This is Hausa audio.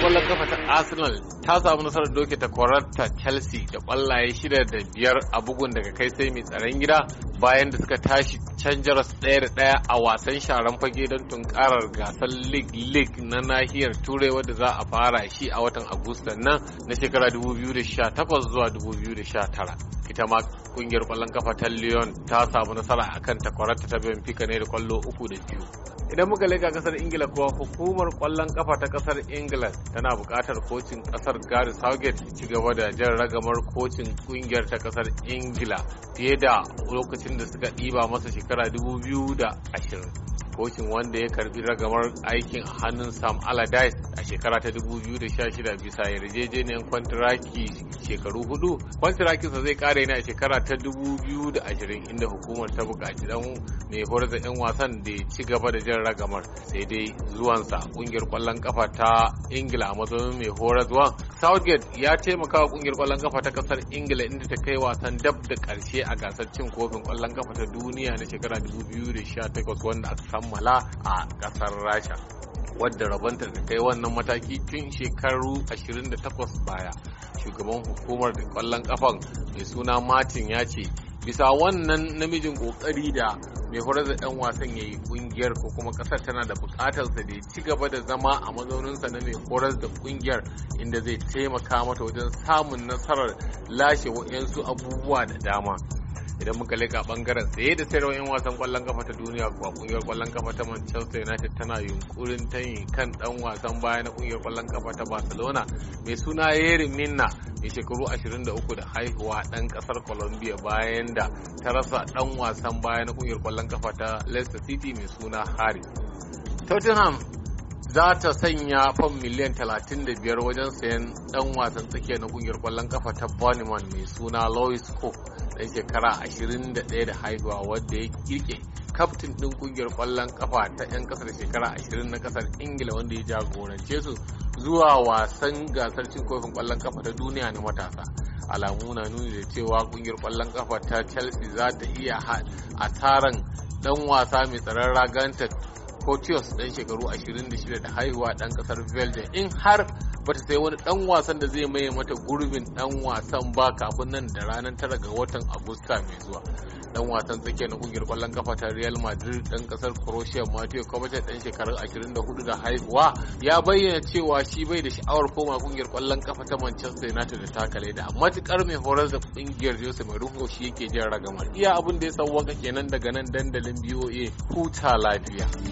kwallon kafa ta Arsenal ta samu nasarar doke ta kwararta Chelsea da kwallaye shida da biyar a bugun daga kai sai mai tsaron gida bayan da suka tashi can jaras ɗaya da ɗaya a wasan sharan fage don tunkarar gasar league league na nahiyar turai wadda za a fara shi a watan agustan nan na shekara 2018 zuwa 2019 ita ma kungiyar kwallon kafa ta lyon ta samu nasara akan takwararta ta benfica ne da kwallo uku da biyu idan muka leka kasar ingila kuwa hukumar kwallon kafa ta kasar ingila tana buƙatar kocin kasar gari southgate ci gaba da jan ragamar kocin kungiyar ta kasar ingila fiye da lokacin da suka ɗiba masa shekara 2020 kocin wanda ya karbi ragamar aikin hannun sam allardyce a shekara ta 2016 bisa yarjejeniyar kwantiraki shekaru hudu kwantirakinsa zai kare ne a shekara ta 2020 inda hukumar ta buƙaci dan mai horar da 'yan wasan da ya ci gaba da jin ragamar sai dai zuwansa kungiyar kwallon kafa ta ingila a matsayin mai zuwa. southgate ya taimaka wa kungiyar kwallon kafa ta kasar ingila inda ta kai wasan dab da karshe a gasar cin kofin kwallon kafa ta duniya na shekara 2018 wanda aka samu kammala a ƙasar rasha wadda rabanta da kai wannan mataki tun shekaru 28 baya shugaban hukumar da kwallon kafan mai suna martin ya ce bisa wannan namijin kokari da mai horar da 'yan wasan ya yi kungiyar ko kuma kasar tana da bukatar sa da ci gaba da zama a mazauninsa na mai horar da kungiyar inda zai taimaka mata wajen samun nasarar lashe wa'yansu abubuwa da dama idan muka leka bangaren saye da sayarwa yan wasan kwallon kafa ta duniya kuwa kungiyar kwallon kafa ta Manchester United tana yunkurin tayi kan dan wasan baya na kungiyar kwallon kafa ta Barcelona mai suna Yeri Minna mai shekaru 23 da haihuwa dan kasar Colombia bayan da ta rasa dan wasan baya na kungiyar kwallon kafa ta Leicester City mai suna Harry Tottenham za ta sanya fam miliyan 35 wajen sayan dan wasan tsakiya na kungiyar kwallon kafa ta Bonneman mai suna Lois Cook dan shekara 21 da haihuwa wadda ya kirke kaftin din kungiyar kwallon kafa ta 'yan kasar shekara 20 na kasar Ingila wanda ya jagorance su zuwa wasan gasar cin kofin kwallon kafa ta duniya na matasa. Alamu na nuni da cewa kungiyar kwallon kafa ta Chelsea za ta iya a taron dan wasa mai tsaron raganta Cotius dan shekaru 26 da haihuwa dan kasar Belgium in har bata sai wani dan wasan da zai maye mata gurbin dan wasan ba kafin nan da ranar tara ga watan Agusta mai zuwa. Dan wasan tsakiyar na kungiyar kwallon kafa ta Real Madrid dan kasar Croatia Mateo Kovacic dan shekaru 24 da haihuwa ya bayyana cewa shi bai da sha'awar koma kungiyar kwallon kafa ta Manchester United da takale da matukar mai horar da kungiyar Jose Mourinho shi yake jin ragamar. Iya abin da ya sauwaka kenan daga nan dandalin BOA huta lafiya.